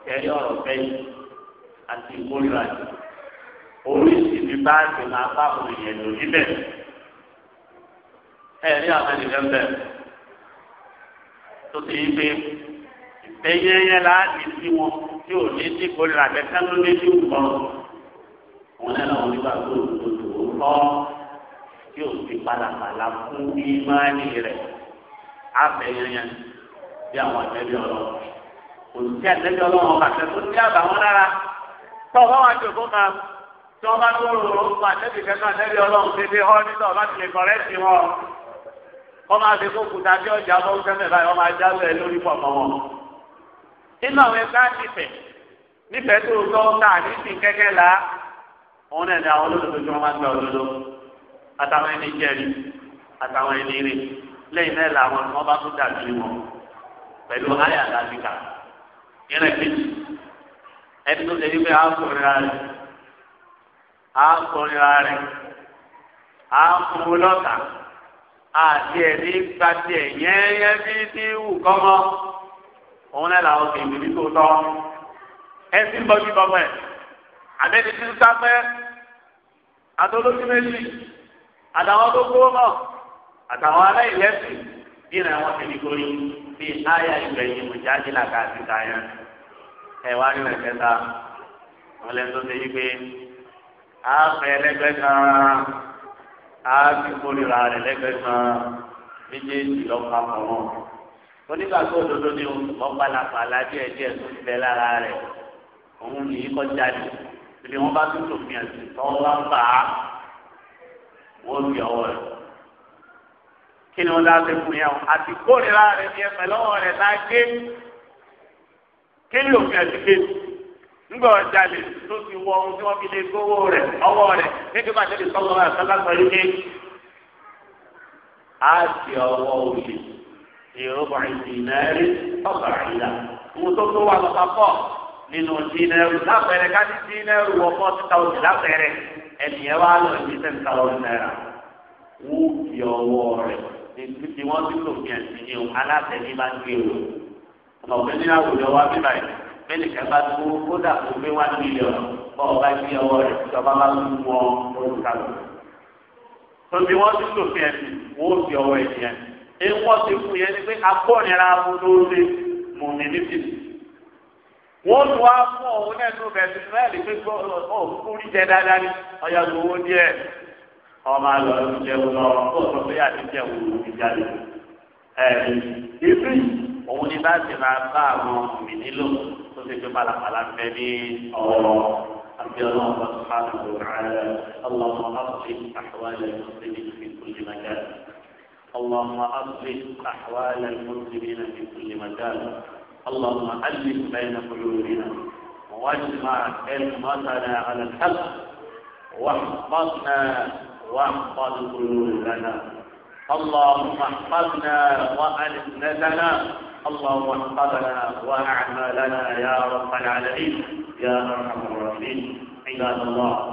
kẹ́rí ọ̀rọ̀ fẹ́yìn àti ìkórìíra yìí oríṣi ní báàgì máa bá àwọn ẹ̀rí àwọn ènìyàn bẹ̀ tó ti yí pé ẹyẹ yẹn la di si wọn tí o ní ti kórè la kẹkẹ ló ní ti wù kàn wọn náà wọn nígbà tó o tó o kọ tí o ti palapala fún ìmánì rẹ afẹ yẹn yẹn bí àwọn àtẹbí ọlọ́run kò sí àtẹbí ọlọ́run ọba àtẹbí ní àbàwọn lára tó o bá wà tó o kó kan tí wọn bá tó o rò ó fún àtẹbí kẹkẹ àtẹbí ọlọ́run tètè họ nígbà wọn bá tilẹ̀ kọrẹ sí wọn wọn máa fi kó kùtà bí ọjà bọ́ sẹ́mẹ̀ báyìí wọn máa jáwé lórí pọ̀ mọ́ wọn nínú àwọn ẹgbẹ́ àtìfẹ́ nífẹ̀ẹ́ tó tọ́ tá a ní sìn kẹ́kẹ́ la òun náà ni àwọn olódodo tí wọ́n máa ń gba òdodo àtàwọn ẹni jẹ́rìí àtàwọn ẹni rè lẹ́yìn náà làwọn tí wọ́n bá tún dàbí wọn pẹ̀lú ayé àdáfíkà ìrìn kejì ẹni tó ṣe wípé àákùnrinra rẹ̀ àákùnrinra rẹ̀ àákùnrin lọ́tà àti ẹ̀mí gba tiẹ̀ yẹ́nyẹ́ bí wù kọ́mọ́ òun náà làwọn kì í bìbí tó tọ́ ẹ sì ń bọ́jú bọ́mọ ẹ̀ àbẹ́ni tí ń sáfẹ́ àtọ́lójú méjì àtàwọn tó gbówó náà àtàwọn aláìlẹ́sìn ìrìn àwọn tèmi gorí bí àyà ìgbẹ̀yìn ìjáde làkà àti kàyà ẹ̀ wá ní ẹ̀kẹta wọn lẹ́nu tó ṣe yí pé àfẹ́ ẹlẹ́gbẹ́ kan á kórìíra rẹ̀ kan méjèèjì lọ́pàá kan náà onígbàgbọ́ òdodo ni wọ́n balàpà aládìẹ díẹ̀ tó ń bẹ lára rẹ̀ òun nìyí kọjá ni ibi wọn bá tún tòfin ẹ̀sìn tọ́wọ́ bá bà á wọ́n fi ọwọ́ rẹ̀ kí ni wọ́n dá sí fún yẹn o àti kórìíra rẹ̀ ni ẹ̀fẹ̀ lọ́wọ́ rẹ̀ náà gé kí ni òfin ẹ̀sìn gé nígbà ọjà lè tó ti wọ ohun tí wọ́n fi lè gbówó rẹ̀ ọwọ́ rẹ̀ nígbà tí wọ́n ti sọ́kọ́ rẹ̀ sọ́kọ́ sọ yìí ní. a ti ọwọ́ òye ìrọ̀bà ìdìnnẹ́rì ọ̀bà ìlà. Mo tó tó wà lọ́pàá pọ̀ nínú dínẹ́rù lápẹ̀rẹ̀ ká ní dínẹ́rù wọ fọ́tí táwọn lápẹ̀rẹ̀ ẹnìyẹn wá lọ ní ten thousand naira. Wú fi ọwọ́ rẹ̀ ní ti wọ́n ti lò yẹn sí ni aláṣẹ ní máa ń gbé o. Ọ̀gbẹ́ ní àwùjọ wa bíbá yìí bẹ́ẹ̀ni kẹfà tó kódà tó gbé wá mílíọ̀nù bọ́ ọba gbé ọwọ́ rẹ̀ tí ọba bá tún wọ olùkàlù. Tóbi wọ́n ti lò fi ẹ̀sìn wọ́n fi ọwọ́ ẹ̀sìn ẹ̀sìn. ewọ́ ti fún yẹn ni pé agbọ́nira amúlóore mùmí níbi. wọ́n lu amú òun náà nù bẹ̀rẹ̀ sínú ẹ̀ lè pé òkú rí jẹ dáadáa ní ọ̀yà lówó díẹ̀ ọmọ àlọ́ ló jẹun lọ ó sọ pé àti jáde. òun ni bá ti máa bá àwọn mùmí nílò tó ti fi pàlàpàlà fẹ́ ní ọ̀rọ̀. أرجو الله سبحانه وتعالى اللهم أصلح أحوال المسلمين اللهم أصلح أحوال المسلمين في كل مكان اللهم ألف بين قلوبنا واجمع كلمتنا على الحق واحفظنا واحفظ قلوبنا اللهم احفظنا وألسنتنا اللهم احفظنا وأعمالنا يا رب العالمين يا أرحم الراحمين عباد الله